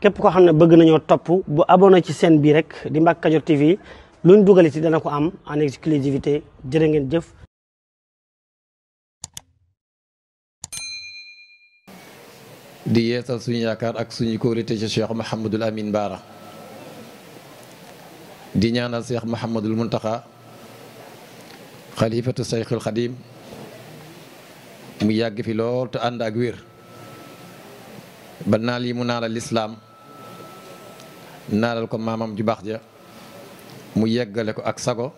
képp koo xam ne bëgg nañoo topp bu abonné ci seen bii rek di Mbacke Kadior TV lu ñu dugal ci dana ko am en exclusivité jërë ngeen jëf. di yeesal suñu yaakaar ak suñu kóolute ci Cheikh Mouhamadul Amin Baara di ñaanal Cheikh Mouhamadul Muntaxa xalifatu Seyxul Xadim mu yàgg fi lool te ànd ak wér ba naa yi mu naal al islaam naalal ko maamam ju baax ja mu yeggale ko ak sago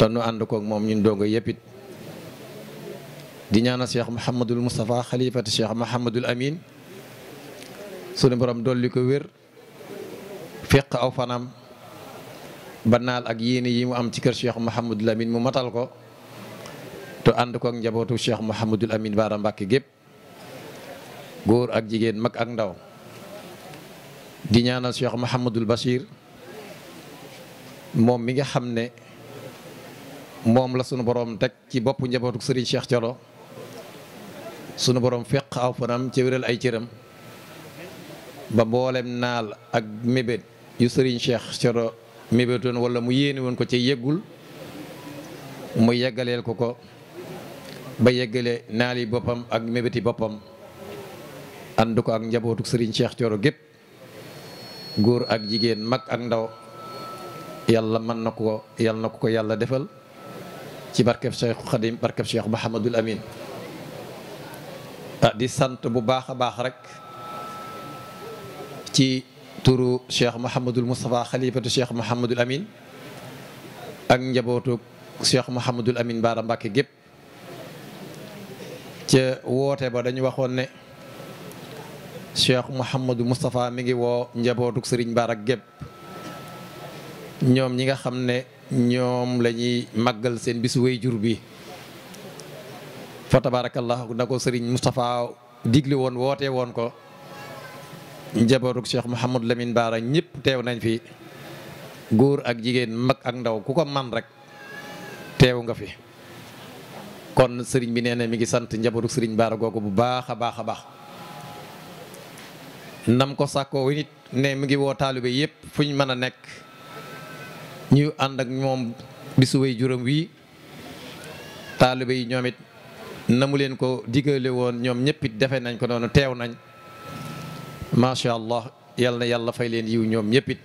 ta nu ànd koog moom ñun dongo yëpp it di ñaanal cheikh Mouhamadul Moustapha xalifatu cheikh Mouhamadul Amin sunu borom dolli ko wér feq aw fanam ba naal ak yéene yi mu am ci kër cheikh Mouhamadul Amin mu matal ko te ànd koog njabootu cheikh Mouhamadul Amin baara Mbàkke gépp góor ak jigéen mag ak ndaw. di ñaanal Cheikh Mouhamadul Bachir moom mi nga xam ne moom la sunu borom teg ci boppu njabootu Serigne Cheikh Thioro sunu borom feq aw fanam ci wéral ay cëram ba mboolem naal ak mébét yu sëriñ Cheikh Thioro mébétoon wala mu yéene woon ko ci yeggul mu yeggaleel ko ko ba yeggale naal yi boppam ak mébéti boppam and ko ak njabootu Serigne Cheikh coro gépp góor ak jigéen mag ak ndaw yàlla man na ko yàlla na ko ko yàlla defal ci barkeb Cheikh Khadim barkeb Cheikh Amin ah di sant bu baax a baax rek ci turu Cheikh Mahamadul Moustapha xalifatu Cheikh Mahamadul Amin ak njabootu Cheikh Mahamadul Amin Baara Mbàkke gépp ca woote ba dañu waxoon ne cheikh Mouhamadou Moustapha mi ngi woo njabootuk Serigne Bara gépp ñoom ñi nga xam ne ñoom la ñuy màggal seen bisu jur bi fa tabarakallah na ko sëriñ Moustapha digle woon woote woon ko njabootuk cheikh Mouhamadou Lamine Bara ñëpp teew nañ fi góor ak jigéen mag ak ndaw ku ko man rek teew nga fi kon sëriñ bi nee na mi ngi sant njabootuk Serigne Bara googu bu baax a baax a baax nam ko sàkkoo wi nit ne mu ngi woo taalibe yépp fu ñu mën a nekk ñu ànd ak moom bisu way juróom wii taalibe yi ñoom it na leen ko digale woon ñoom ñëpp defe nañ ko noonu teew nañ macha allah yal na yàlla fay leen yiw ñoom ñëpp it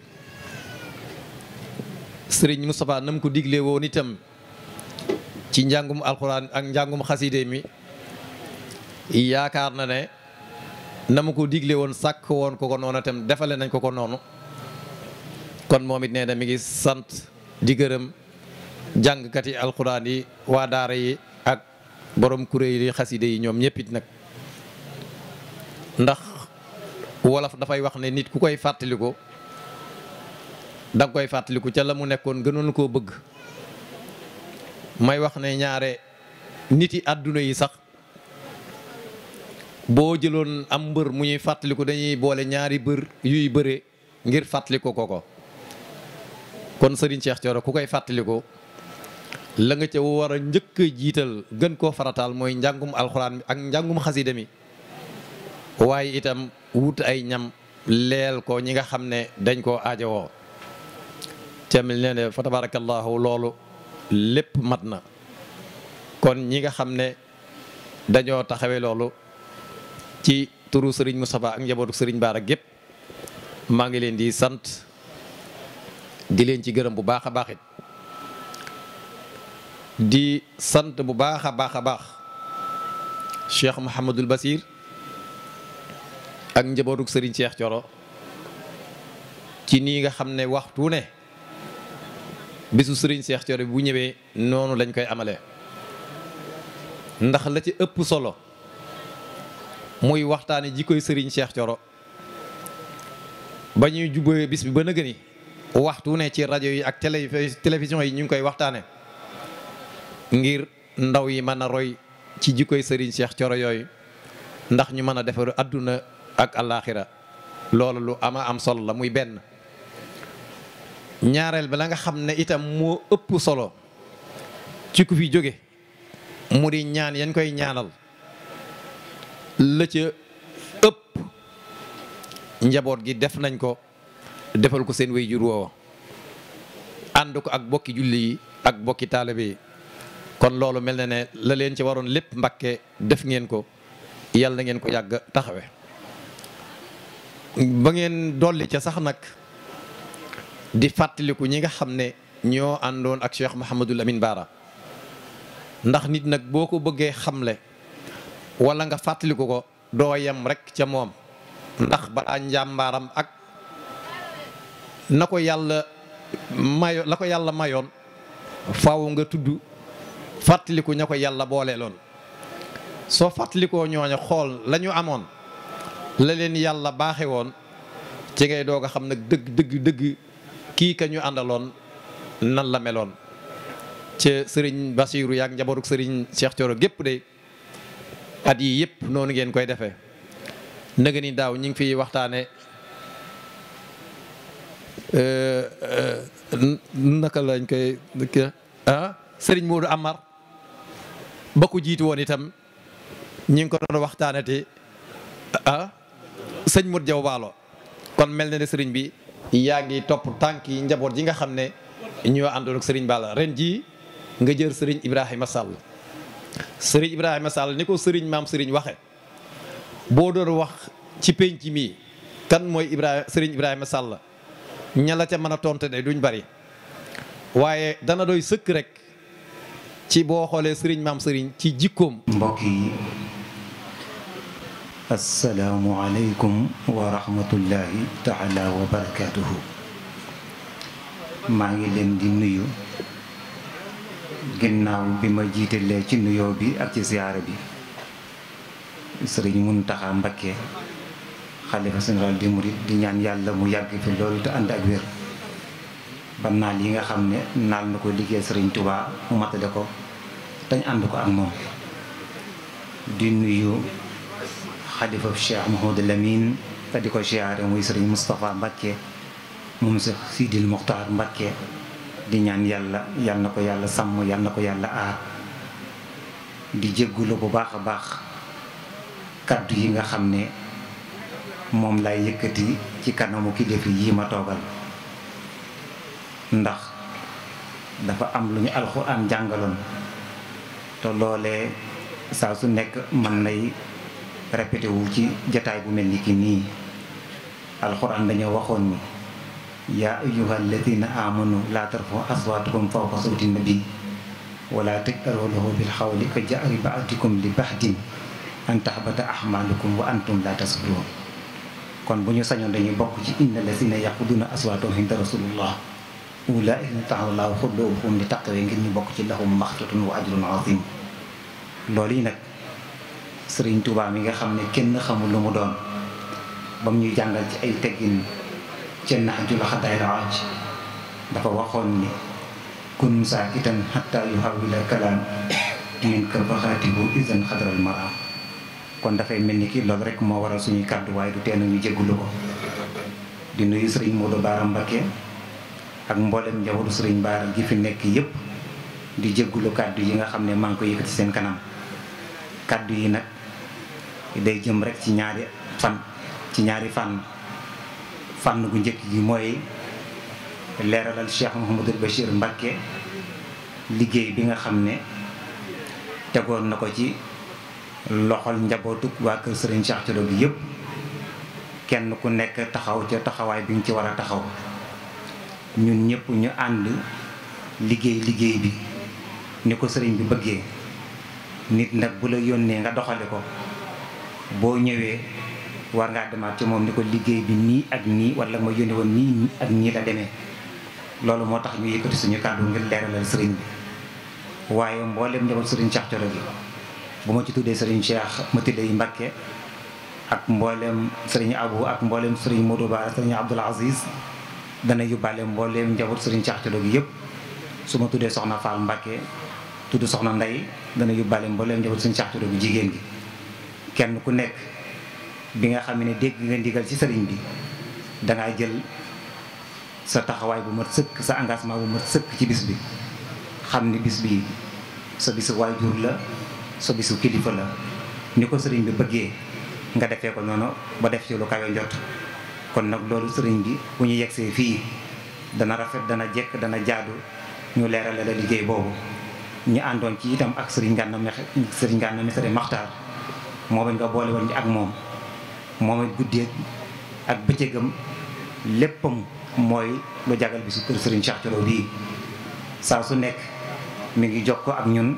sëriñ Moustapha nam ko digle woon itam ci njàngum alxuraan ak njàngum xaside mi yaakaar na ne na mu ko digle woon sàkk woon ko ko noonu itam defale nañ ko ko noonu kon moom it nee na mi sant di gërëm jàngkat yi alxuraan yi waa yi ak borom kuréel yi ñoom ñëpp nag ndax wolof dafay wax ne nit ku koy fàttaliku danga koy fàttaliku ca la mu nekkoon gënoon koo bëgg may wax ne ñaare nit yi àdduna yi sax boo jëloon am mbër mu ñuy fàttaliku dañuy boole ñaari bër yuy bëre ngir fàttaliku ko ko kon sëriñ Cheikh Thioro ku koy fàttaliku la nga ca war njëkk jiital gën koo farataal mooy njàngum alxuraan bi ak njàngum xasida mi waaye itam wut ay ñam leel ko ñi nga xam ne dañ koo aajowoo camil nee ne fa tabarakallahu loolu lépp mat na kon ñi nga xam ne dañoo taxawee loolu ci turu Serigne Moustapha ak njabootu Serigne Bara gépp maa ngi leen di sant di leen ci gërëm bu baax a baax di sant bu baax a baax a baax Cheikh Mouhamadul Basir ak njabootu sëriñ Cheikh Thioro ci nii nga xam ne waxtu ne bisu sëriñ seex Thioro bu ñëwee noonu lañ koy amale ndax la ci ëpp solo. muy waxtaane jikkoy sëriñ Cheikh Thioro ba ñuy jubbee bis bi ba nëgëni waxtu ne ci rajo yi ak télé télévision yi ñu ngi koy waxtaane ngir ndaw yi mën a roy ci jikkoy sëriñ Cheikh Thioro yooyu ndax ñu mën a defaru àdduna ak alaaxira loolu lu ama am solo la muy benn ñaareel bi la nga xam ne itam moo ëpp solo ci ku fi jóge mu di ñaan yañ koy ñaanal la ca ëpp njaboot gi def nañ ko defal ko seen wéy jur woowa ànd ko ak bokki julli yi ak bokki taalibe yi kon loolu mel na ne la leen ci waroon lépp mbakke def ngeen ko yàlla ngeen ko yàgg taxawe ba ngeen dolli ca sax nag di fàttaliku ñi nga xam ne ñoo àndoon ak Cheikh Mouhamadul Amin Baara ndax nit nag boo ko bëggee xamle wala nga fàttaliku ko doo yem rek ca moom ndax ba balaa njàmbaaram ak na ko yàlla mayo la ko yàlla mayoon faaw nga tudd fàttaliku ña ko yàlla booleeloon soo fàttalikoo ñooña xool lañu amoon la leen yàlla baaxe woon ci ngay doog xam na dëgg dëgg dëgg kii ka ñu àndaloon nan la meloon ca sëriñ Basiiru yaak njabootug sëriñ Cheikh Thioro gépp de at yii yëpp noonu ngeen koy defee nëgë ni daaw ñu ngi fiy waxtaane euh, euh, naka lañ koy ah Serigne Modou Amar ba ku woon itam ñi ngi ko doon waxtaanati ah, sëñ Modou Jaw Baalo kon mel na ne Serigne bi yaa ngi topp tànk yi njaboot yi nga xam ne ñuy àndoon ak Serigne Balla ren ji nga jër Serigne Ibrahima Sall. sëriñ Ibrahima Sall ni ko sëriñ maam sëriñ waxe boo doon wax ci penc mi kan mooy Ibrahima sëriñ Ibrahima Sall ña la ca mën a tontu ne duñ bari waaye dana doy sëkk rekk ci boo xoolee sëriñ maam sëriñ ci jikkoom. mbokk yi asalaamualeykum wa rahmatullahi taala maa ngi leen di nuyu. ginnaaw bi ma jiitalee ci nuyoo bi ak ci ziyaara bi sëriñ Muntaxa Mbakke xalifa général di murit di ñaan yàlla mu yàgg fi loolu te ànd ak wér ba naal yi nga xam ne naal na ko liggéey sëriñ Tuubaa mu matale ko dañ ànd ko ak moom di nuyu xalifa Cheikh Mouhamadou Lamine te di ko ziyaare muy sëriñ Moustapha Mbakke moom sax Sidil Mokhtar Mbakke di ñaan yàlla yàlla na ko yàlla sàmm yàlla na ko yàlla aar di jéggulu bu baax a baax kàddu yi nga xam ne moom lay yëkkati ci kanamu kilifa yi ma toogal ndax dafa am lu ñu alxuraan jàngaloon te loolee saa su nekk man lay répété ci jataay bu mel ni ki nii alxuraan dañoo waxoon ni ya ayyuha alladina amanu laa tarfau aswaatakum fawqa sawti nabi wala tajharu lahu bil ko ka jahri baadikum li bahdin an tahbata ahmalukum wa antum la tasudun kon bu ñu sañoon dañuy bokk ci inna lazina yaquduna aswaatahum inda rasulillah ulaa'ika taala laahu xuluuhum li taqwe ngir ñu bokk ci lahum maxfiratun wa ajrun azim loolu yi nag sëriñ Tuubaa mi nga xam ne kenn xamul lu mu doon bam ñuy jàngal ci ay teggin ca naxjul xadday la aj dafa waxoon ni kun saa itam xatta yu xawila kalaam min kër faxaatibu isan xadral mara kon dafay mel ni kii loolu rek moo waral suñuy kàddu waaye du tee ñu jégalu ko di nuyu sëriñ Modou Baara Mbakke ak mboolem njabootu sëriñ Baara gi fi nekk yépp di jégalu kàddu yi nga xam ne maa ngi ko yëkkati seen kanam kàddu yi nag day jëm rek ci ñaari fan ci ñaari fan fànn gu njëkk yi mooy leeralal Cheikh Mouhamadul Bachir Mbacké liggéey bi nga xam ne tegoon na ko ci loxol njabootu waa kër Serigne Cheikh Thioro bi kenn ku nekk taxaw ca taxawaay bi ñu ci war a taxaw ñun ñëpp ñu ànd liggéey liggéey bi ni ko sëriñ bi bëggee nit nag bu la yónnee nga doxale ko boo ñëwee. war ngaa demaat ci moom ni ko liggéey bi nii ak nii wala ma yónni woon nii ak nii la demee loolu moo tax ñu yëkkati suñu kàddu ngir leeralal sëriñ bi waaye mboolem njaboot sëriñ Cheikh Thioro gi ma ci tuddee sëriñ Cheikh ma tuddee Mbacke ak mboolem sëriñ Abou ak mboolem sëriñ Modou Ba sëriñ Abdoul Aziz dana yóbbaale mboolem njaboot sëriñ Cheikh Thioro gi yëpp su ma tuddee soxna Fall Mbacke tudd soxna Ndey dana yóbbaale mboolem njaboot sëriñ Cheikh Thioro gi jigéen gi kenn ku nekk. bi nga xam ne dégg nga ndigal ci sëriñ bi dangaa jël sa taxawaay bu mat sëkk sa engagement bu mat sëkk ci bis bi xam ni bis bi sa bisu waajur la sa bisu kilifa la ni ko sëriñ bi bëggee nga defee ko noonu ba def ci lu kawe njot kon nag loolu sëriñ bi bu ñu yegsee fii dana rafet dana jekk dana jaadu ñu leerale la liggéey boobu ñu àndoon ci itam ak sëriñ Gana Messere sëriñ Gana Messere Maxtaar moo bañ nga boole woon ak moom moom it guddeeg ak bëccëgam pom mooy lu jagal bi si kër Serigne Cheikh Thioro bii saa su nekk mu ngi jot jokkoo ak ñun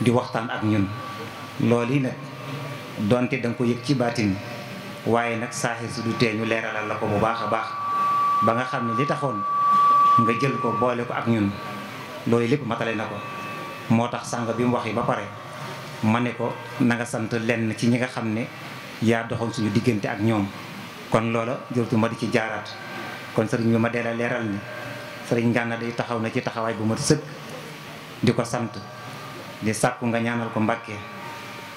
di waxtaan ak ñun loolu yi nag doonte da nga ko yëg ci baatin waaye nag saaxir su du tee ñu leeralal la ko bu baax a baax ba nga xam ne li taxoon nga jël ko boole ko ak ñun loolu lépp matale na ko moo tax sàng bi mu wax yi ba pare ma ne ko na sant lenn ci ñi nga xam ne yaa doxoon suñu diggante ak ñoom kon loola jërtu ma di ci jaaraat kon sëriñ bi ma dee la leeral ni sëriñ Gana day taxaw na ci taxawaay bu ma sëkk di ko sant di sàkku nga ñaanal ko Mbàkke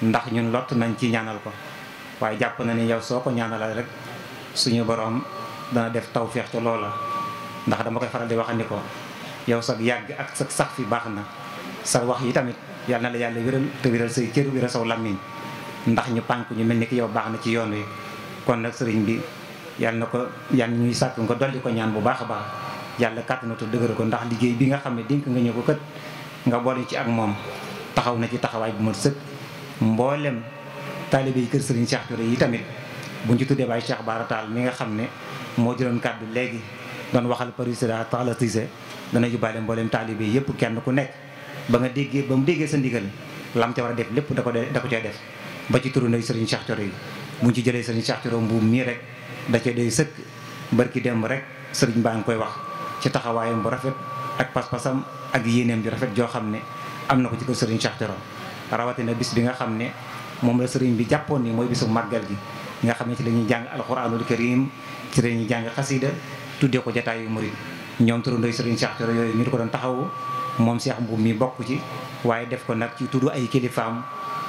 ndax ñun lott nañ ci ñaanal ko waaye jàpp na ni yow soo ko ñaanalal rek suñu boroom dana def tawféex ca loola ndax dama koy faral di waxandi ko yow sag yàgg ak sa sax fi baax na sa wax yi tamit yàlla na la yàlla wéral te wéral say cër wéral saw làmmiñ ndax ñu pànk ñu mel ni ki yow baax na ci yoon wi kon nag sëriñ bi yàlla na ko yàlla ñuy sàkk nga dolli ko ñaan bu baax a baax yàlla kàttanatu dëgër ko ndax liggéey bi nga xam ne dénk nga ñëw ko kat nga boole ci ak moom taxaw na ci taxawaay bu ma sëkk mboolem taalibe yi kër sëriñ Cheikh Touré yi tamit buñ ci tuddee baay Cheikh Bara Tall mi nga xam ne moo jëloon kàddu léegi doon waxal président Talla Cissé dana yóbbaale mboolem taalibe yëpp kenn ku nekk ba nga déggee ba mu déggee sa ndigal lam ca war a def lépp da ko da ko cay def ba ci turandoo sëriñ Cheikh Thioro yi buñ ci jëlee sëriñ Cheikh Thioro mbuum mii rek da cee day sëkk barki dem rek sëriñ baa ngi koy wax ci taxawaayam bu rafet ak pas-pasam ak yéeneem ju rafet joo xam ne am na ko ci kër sëriñ Cheikh Thioro rawatina bis bi nga xam ne moom la sëriñ bi jàppoon ni mooy bisu màggal gi nga xam ne ci la ñuy jàng alxuraanul karim ci la ñuy jàng xasida tuddee ko jataayu murid ñoom turandoo sëriñ Cheikh Thioro yooyu ñu di ko doon taxawu moom Cheikh Mbuum mi bokk ci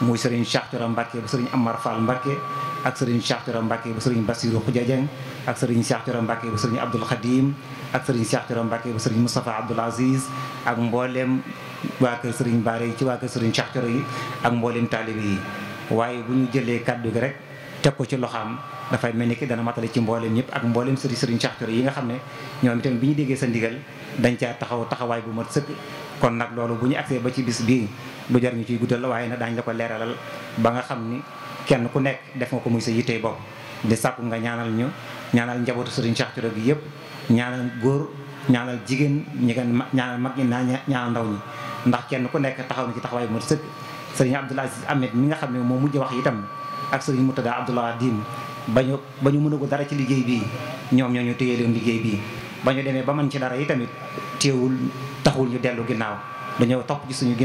muy sëriñ Cheikh Thioro Mbacke bu sëriñ Amar Fall Mbacke ak sëriñ Cheikh Thioro Mbacke bu sëriñ Bassirou Khoudia Dieng ak sëriñ Cheikh Thioro Mbacke bu sëriñ Abdoul Khadim ak sëriñ Cheikh Thioro Mbacke bu sëriñ Moustapha Abdoul Aziz ak mbooleem waa kër sëriñ Baare yi ci waa kër sëriñ Cheikh yi ak mbooleem taalibe yi waaye bu ñu jëlee kàddu gi rek teg ko ci loxaam dafay mel ni ki dana matale ci mbooleem ñëpp ak mbooleem sëriñ sëriñ Cheikh Thioro yi nga xam ne ñoom itam bi ñu déggee sa ndigal dañ caa taxaw taxawaay bu mat sëkk kon nag loolu bu ñu agsee ba ci bis bii lu jar ñu ciy guddal waaye na daañ la ko leeralal ba nga xam ni kenn ku nekk def nga ko muy sa yittey bopp di sàkku nga ñaanal ñu ñaanal njabootu sëriñ sax Thioro bi yëpp ñaanal góor ñaanal jigéen ñi gan ñaanal mag ñi naa ñaanal ndaw ñi ndax kenn ku nekk taxaw na ci taxawaay bu mat sëkk sëriñ Abdoul Aziz Ahmed mi nga xam ne moo mujj wax itam ak sëriñ Moutada Abdoulaye Diim bañu ba ñu mën a ko dara ci liggéey bii ñoom ñoo ñu téye leen liggéey bii ba ñu demee ba mën ci dara yi tamit téewul taxul ñu dellu ginnaaw dañoo topp ci suñu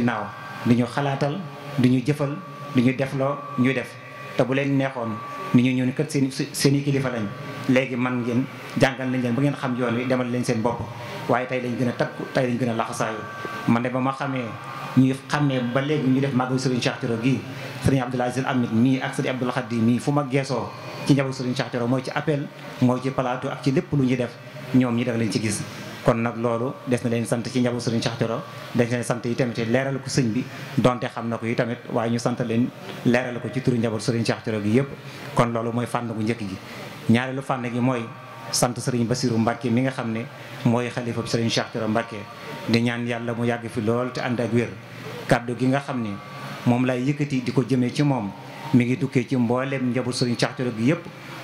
di ñu xalaatal di ñu jëfal di ñu loo ñuy def te bu leen neexoon ni ñu ñun kat seen seen i kilifa lañ léegi man ngeen jàngal nañ leen ba ngeen xam yoon wi demal leen seen bopp waaye tey lañ gën a takku tey lañ gën a laxasaayu man ne ba ma xamee ñuy xamee ba léegi ñu def màggal Serigne Cheikh Thioro gii Serigne Abdoul Aziz Amit mii ak Serigne Abdoul Khadi mii fu ma geesoo ci njaboot Serigne Cheikh mooy ci appel mooy ci plateau ak ci lépp lu ñu def ñoom ñi da leen ci gis kon nag loolu des na leen sant ci njabu sëriñ Cheikh Thioro dañ leen sant yi tamit leeral ko sëñ bi donte xam na ko yi tamit waaye ñu sant leen leeral ko ci turu njabu sëriñ Cheikh Thioro gi yëpp kon loolu mooy fànn gu njëkk gi ñaareelu fànn gi mooy sant sëriñ Basiru Mbàkke mi nga xam ne mooy xalifa sëriñ Cheikh Thioro Mbàkke di ñaan yàlla mu yàgg fi lool te ànd ak wér kàddu gi nga xam ne moom lay yëkkati di ko jëmee ci moom mu ngi dukkee ci mboolem njabu sëriñ Cheikh Thioro gi yëpp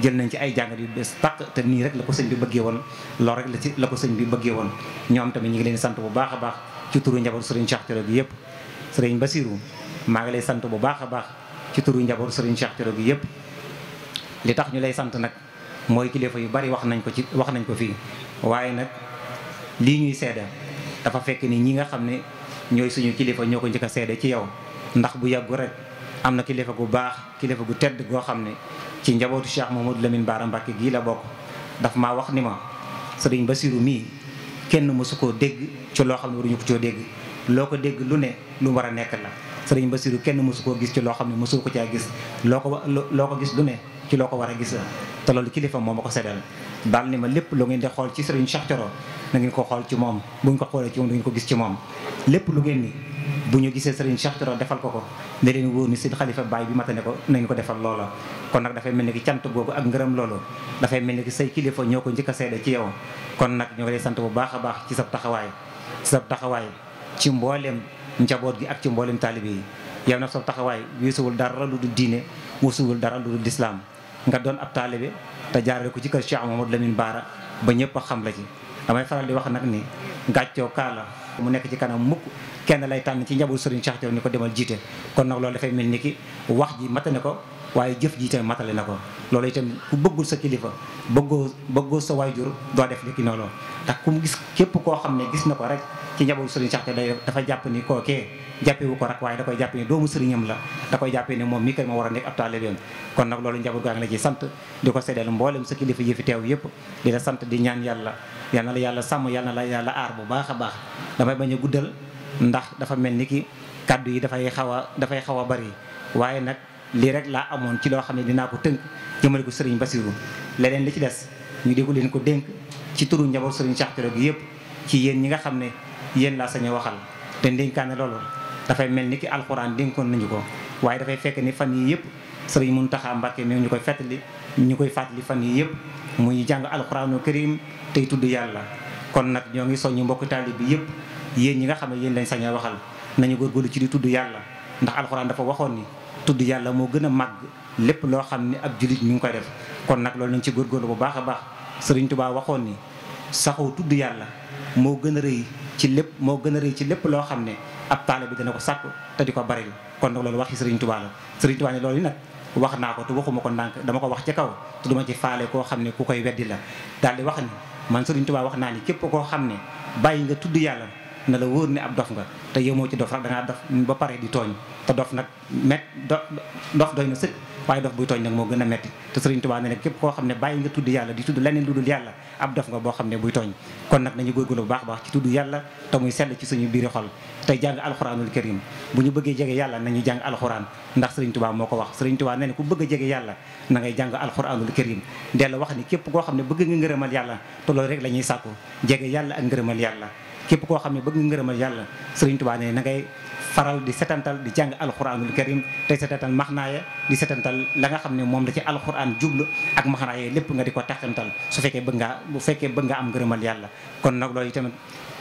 jël nañ ci ay jàngat yu bees tàq te nii rek la ko sëñ bi bëggee woon loolu rek la ci la ko sëñ bi bëggee woon ñoom tamit ñu ngi leen sant bu baax a baax ci turu njabootu sëriñ Cheikh Thioro bi yëpp sëriñ Basirou maa ngi lay sant bu baax a baax ci turu njabootu sëriñ Cheikh Thioro bi yëpp li tax ñu lay sant nag mooy kilifa yu bari wax nañ ko ci wax nañ ko fii waaye nag lii ñuy seede dafa fekk ni ñi nga xam ne ñooy suñu kilifa ñoo ko njëkk a seede ci yow ndax bu yàggu rek am na kilifa gu baax kilifa gu tedd goo xam ne ci njabootu Cheikh Mamadou Lamine Bara Mbacke gii la bokk daf maa wax ni ma sëriñ Basiru mii kenn mësu koo dégg ci loo xam ne waruñu ko coo dégg loo ko dégg lu ne lu war a nekk la sëriñ Basiru kenn mësu koo gis ci loo xam ne mësu ko caa gis loo ko loo ko gis lu ne ci loo ko war a gis te loolu kilifa moom ma ko seddal daal ni ma lépp lu ngeen di xool ci sëriñ Cheikh Thioro na ngi ko xool ci moom bu ko xoolee ci moom du ko gis ci moom lépp lu ngeen ni bu ñu gisee sëriñ Cheikh Thioro defal ko ko ne leen wóor ni seen xalifa baay bi matane ko nañu ko defal loola kon nag dafay mel ni ki cant googu ak ngërëm loolu dafay mel ni ki say kilifa ñoo ko njëkk a seede ci yow kon nag ñoo ngi lay sant bu baax a baax ci sab taxawaay ci sab taxawaay ci mbooleem njaboot gi ak ci mbooleem taalibe yi yow nag sab taxawaay wéesuwul dara lu du diine wéesuwul dara lu du lislaam nga doon ab taalibe te jaarale ko ci kër Cheikh Mamadou Lamine Baara ba ñëpp a xam la ci mu nekk ci kanam mukk kenn lay tànn ci njabul Serigne Cheikh Thioro ni ko demal jiite kon nag loolu dafay mel ni ki wax ji matte na ko waaye jëf ji tamit matale na ko loolu itam ku bëggul sa kilifa bëggoo bëggoo sa jur doo def li ki noonu ndax ku mu gis képp koo xam ne gis na ko rek ci njabootu sëriñ Cheikh Thioro day dafa jàpp ni kookee jàppee ko rak waaye da koy jàppee ni doomu sëriñam la da koy jàppee ni moom mi kay ma war a nekk ab taalibeem kon loolu njaboot gaa ngi la ci sant di ko seddeel mboolem sa kilifa yi fi teew yëpp di la sant di ñaan yàlla yal na la yàlla sàmm yal na aar bu baax a baax damay bañ a guddal ndax dafa mel ni ki kàddu yi dafay xaw a dafay xaw a bari waaye nag lii rek laa amoon ci loo xam ne dinaa ko tënk jëmale ko sëriñ Basiru leneen li ci des ñu di ko leen ko dénk ci turu njaboot sëriñ Cheikh Thioro gi yëpp ci yéen ñi nga xam ne yéen laa sañ a waxal te ndénkaane loolu dafay mel ni ki alxuraan dénkoon nañu ko waaye dafay fekk ni fan yii yëpp sëriñ Muntaxa Mbàkke mi ñu koy fettali ñu koy fàttali fan yii yëpp muy jàng alxuraanu karim tey tudd yàlla kon nag ñoo ngi soññu mbokk taalib bi yëpp yéen ñi nga xam ne yéen lañ sañ a waxal nañu góorgóorlu ci di tudd yàlla ndax alxuraan dafa waxoon ni tudd yàlla moo gën a màgg lépp loo xam ne ab jullit ñu ngi koy def kon nag loolu nañ ci góorgóorlu bu baax a baax sëriñ Tuubaa waxoon ni saxoo tudd yàlla moo ci lépp moo gën a rëy ci lépp loo xam ne ab taale bi dana ko sàkk te di ko baril kon nag loolu waxi Serigne Touba la Serigne Touba ne loolu nag wax naa ko te waxuma ko ndànk dama ko wax ci kaw te ci faale koo xam ne ku koy weddi la daal di wax ni man Serigne Touba wax naa ni képp koo xam ne bàyyi nga tudd yàlla na la wóor ne ab dof nga te yemoo ci dof rek da ba pare di tooñ te dof nag met dof doy na sëkk waaye dof buy tooñ nag moo gën a metti te Sëriñ Tuubaa ne nag képp koo xam ne bàyyi nga tudd yàlla di tudd leneen lu dul yàlla ab dof nga boo ne buy tooñ kon nag nañu góorgóorlu bu baax baax ci tudd yàlla te muy sell ci suñu biir biiri xol tey jàng alxuraanul karim bu ñu bëggee jege yàlla nañu jàng alxuraan ndax Sëriñ Tuubaa moo ko wax Sëriñ Tuubaa ne ne ku bëgg a yàlla na ngay jàng alxuraanul karim dellu wax ni képp koo xam ne bëgg nga ngërëmal yàlla te loolu rek la ñuy sàkku jege yàlla ak ngërëmal yàlla képp koo xam ne bëgg nga ngërëmal yàlla sëriñ Tuubaa ne na ngay faral di setantal di jàng alxuraanul karim tey setantal maxnaaya di setantal la nga xam ne moom la ci alxuraan jublu ak maxnaaya lépp nga di ko taxantal su fekkee bëgg ngaa bu fekkee bëgg nga am ngërëmal yàlla kon nag loolu itamit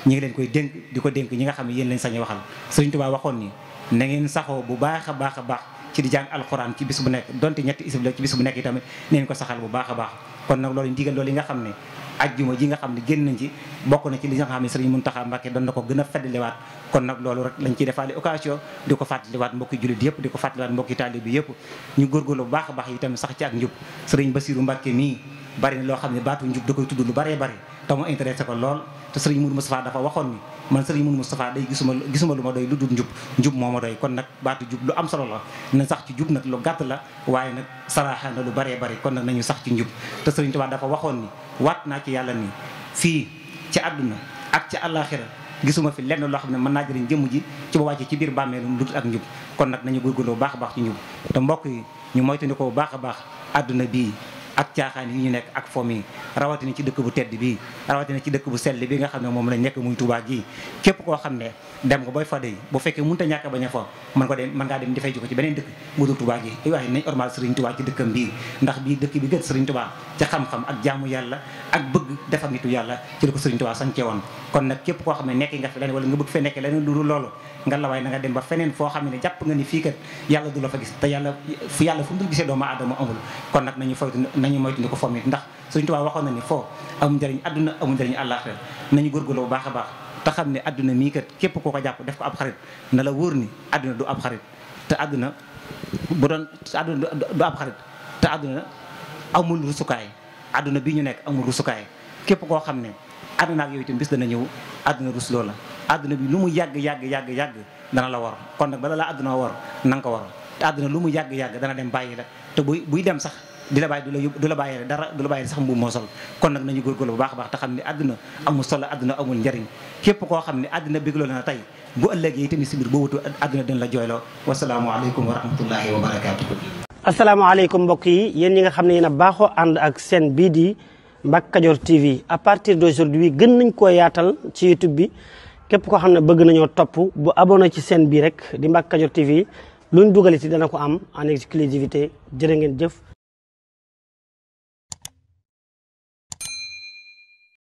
ñi ngi leen koy dénk di ko dénk ñi nga xam ne yéen lañ sañ waxal sëriñ Tuubaa waxoon nii na ngeen saxoo bu baax a baax a baax ci di jàng alxuraan ci bis bu nekk donte ñetti isib la ci bis bu nekk itamit ko saxal bu baax a baax kon nag loolu ndigal loolu yi nga xam ne ajjuma ji nga xam ne génn nañ bokk na ci li nga xam ne sëriñ Muntaxa Mbàkke doon na ko gën a feddaliwaat kon nag loolu rek lañ ciy defaale occasion di ko fàttaliwaat mbokki jullit yëpp di ko fàttaliwaat mbokki taalib bi yëpp ñu góorgóorlu bu baax a baax itam sax ci ak njub sëriñ Basiiru Mbàkke mii bari na loo xam ne baatu njub da koy tudd lu baree bari te mu ko lool te sëriñ Mourou Moustapha dafa waxoon ni man sëriñ mun Moustapha day gisuma gisuma lu ma doy lu dul njub njub moo ma doy kon nag baatu jub lu am solo la na sax ci jub nag lu gàtt la waaye nag saraaxa na lu baree bari kon nag nañu sax ci njub te sëriñ Tuubaa dafa waxoon ni waat naa ci yàlla nii fii ci àdduna ak ci àllaaxira gisuma fi lenn loo xam ne mën naa jëriñ jëmm ji ci ba wàccee ci biir bàmmeelum lu dul ak njub kon nag nañu góorgóorloo baax a baax ci njub te mbokk yi ñu moytu ni ko bu baax a baax àdduna bii ak caaxaan yi ñu nekk ak fom yi rawatina ci dëkk bu tedd bi rawatina ci dëkk bu sell bi nga xam ne moom lañ nekk muy Touba gi képp koo xam ne dem nga booy fade bu a ñàkk woon kon nag képp koo xam ne nekk nga fi leneen wala nga bëgg fee nekk leneen lu dul loolu ba feneen foo xam ne jàpp nga ni fii kat yàlla du la fa gis te yàlla fu yàlla fu dul gisee doomu aadama amul kon nag nañu faytu nañu moytandiku fo mi ndax Sëriñ Tuubaa waxoon na ni foo amul njëriñ àdduna amul njëriñ àllaaxira nañu góorgóorlu bu baax a baax te xam ne àdduna mii kat képp koo ko jàpp def ko ab na la wóor ni àdduna du ab xarit te àdduna bu doon àdduna du ab xarit te àdduna amul rusukaay àdduna bii ñu nekk amul rusukaay koo xam ne àdduna ak yow itam bis dana ñëw àdduna rus loo la àdduna bi lu mu yàgg yàgg yàgg yàgg dana la war kon nag bala la àdduna war na nga ko war te àdduna lu mu yàgg yàgg dana dem bàyyi la te buy buy dem sax di la bàyyi du la bàyyi dara du la bàyyi sax mbubb moo sol kon nag nañu góorgóorlu bu baax a baax te xam ne àdduna amul solo àdduna amul njariñ képp koo xam ne àdduna bégloo na tey bu ëllëgee si biir boo wutu àdduna dina la jooyloo wa rahmatullahi wa barakaatu asalaamaaleykum mbokk yi yéen ñi nga xam ne yéen a baaxoo ànd ak seen bii di Mbacke Kadior TV à partir de d'aujourd'hui gën nañ koo yaatal ci YouTube bi képp koo xam ne bëgg nañoo topp bu abonné ci seen bii rek di Mbacke Kadior TV luñ dugal ci dana ko am en exclusivité jërë ngeen jëf